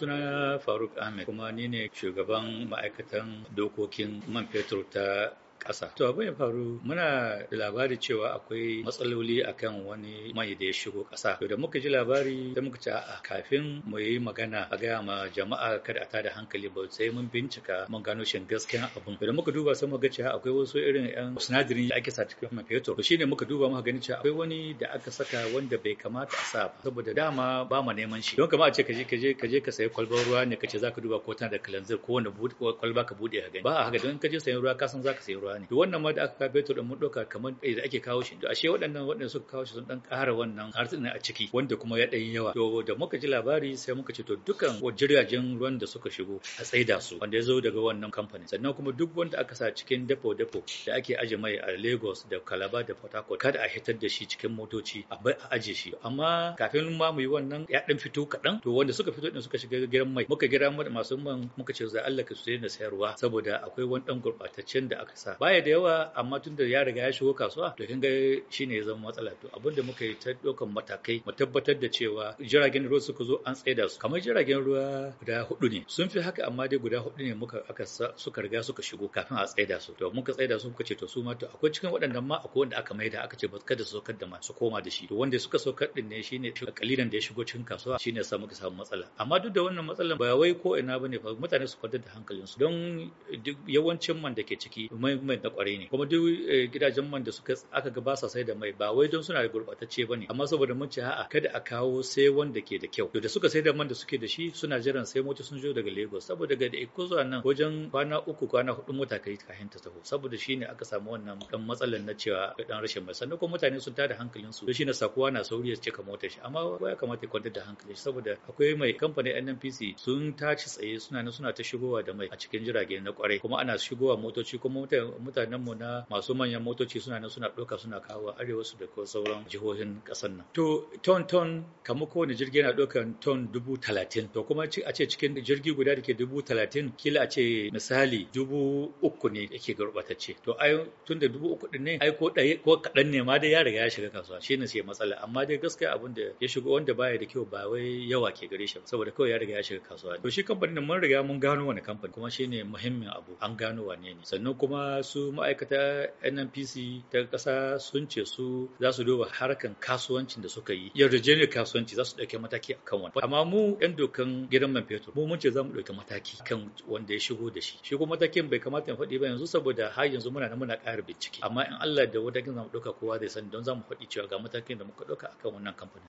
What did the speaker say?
sunana Faruk Ahmed kuma ni ne shugaban ma'aikatan dokokin man fetur ta ƙasa. To abin ya faru muna da labari cewa akwai matsaloli akan wani mai da ya shigo ƙasa. To da muka ji labari da muka ce a kafin mu yi magana a gaya ma jama'a kada a tada hankali ba sai mun bincika mun gano shin gaskiya abun. To da muka duba sai muka cewa akwai wasu irin yan sinadarin da ake sa cikin man fetur. To shine muka duba muka gani cewa akwai wani da aka saka wanda bai kamata a sa ba saboda dama ba mu neman shi. Don kama a ce ka je ka je ka sayi kwalbar ruwa ne ka za zaka duba ko tana da kalanzir ko wanda kwalba ka bude ka gani. Ba a haka don je sayan ruwa ka san zaka sayi ruwa karewa ne wannan ma da aka kawo fetur din mun ɗauka kamar da ake kawo shi ashe waɗannan waɗanda suka kawo shi sun ɗan ƙara wannan hartsin a ciki wanda kuma ya ɗan yawa to da muka ji labari sai muka ce to dukan jiragen ruwan da suka shigo a tsaida su wanda ya zo daga wannan kamfanin sannan kuma duk wanda aka sa cikin depo depo da ake aje mai a Lagos da Calabar da Port Harcourt kada a hitar da shi cikin motoci a bai a aje shi amma kafin ma mu yi wannan ya ɗan fito kaɗan to wanda suka fito din suka shiga gidan mai muka gira masu man muka ce za Allah ka su da sayarwa saboda akwai wani ɗan gurɓataccen da aka sa baya da yawa amma tun da ya riga ya shigo kasuwa to kin ga shine ya zama matsala to abin da muka yi ta dokan matakai mu tabbatar da cewa jiragen ruwa suka zo an tsaida su kamar jiragen ruwa guda hudu ne sun fi haka amma dai guda hudu ne muka aka suka riga suka shigo kafin a tsaida su to muka tsaida su muka ce to su ma to akwai cikin waɗannan ma akwai wanda aka maida aka ce ba kada su saukar da ma su koma da shi to wanda suka saukar din ne shine kalilan da ya shigo cikin kasuwa shine sa muka samu matsala amma duk da wannan matsalan ba wai ko ina bane fa mutane su kwantar da hankalinsu don yawancin man da ke ciki mai na kwarai ne kuma duk eh, gidajen man da suka aka ga ba sa sai da mai ba wai don suna da gurbatacce bane amma saboda mun ce a'a kada a kawo sai wanda ke da kyau to da suka sai da man da suke da shi suna jiran sai mota sun zo daga Lagos saboda da iko zuwa nan wajen kwana uku kwana hudu mota kai kahin ta taho saboda shine aka samu wannan dan matsalar na cewa dan rashin mai sannan kuma mutane sun tada hankalin su shi na sakuwa na sauri ya cika mota shi amma ya kamata ya kwantar da hankalin shi saboda akwai mai kamfanin NNPC sun tashi tsaye suna nan suna ta shigowa da mai a cikin jiragen na kwarai kuma ana shigowa motoci kuma Mutanen mu na masu manyan motoci suna nan suna ɗauka suna kawo a arewa su da ko sauran jihohin ƙasar nan to ton ton kamar kowane jirgi yana ɗaukan ton dubu talatin to kuma a ce cikin jirgi guda da ke dubu talatin kila a ce misali dubu uku ne yake gurɓatacce to ai tun da dubu uku ɗin ne ai ko ɗaya ko kaɗan ne ma dai ya riga ya shiga kasuwa shi ne sai matsala amma dai gaskiya abin da ya shigo wanda baya da kyau ba wai yawa ke gare shi saboda kawai ya riga ya shiga kasuwa to shi kamfanin mun riga mun gano wani kamfani kuma ne muhimmin abu an gano wane ne sannan kuma wasu ma'aikata nnpc ta ƙasa sun ce su za su duba harkan kasuwancin da suka yi yarjejeniyar kasuwanci za su ɗauki mataki akan wani amma mu yan dokan gidan man fetur mu mun ce za mu ɗauki mataki kan wanda ya shigo da shi shi kuma matakin bai kamata mu faɗi ba yanzu saboda har yanzu muna muna ƙara bincike amma in Allah da wata za mu ɗauka kowa zai sani don za mu faɗi cewa ga matakin da muka ɗauka akan wannan kamfanin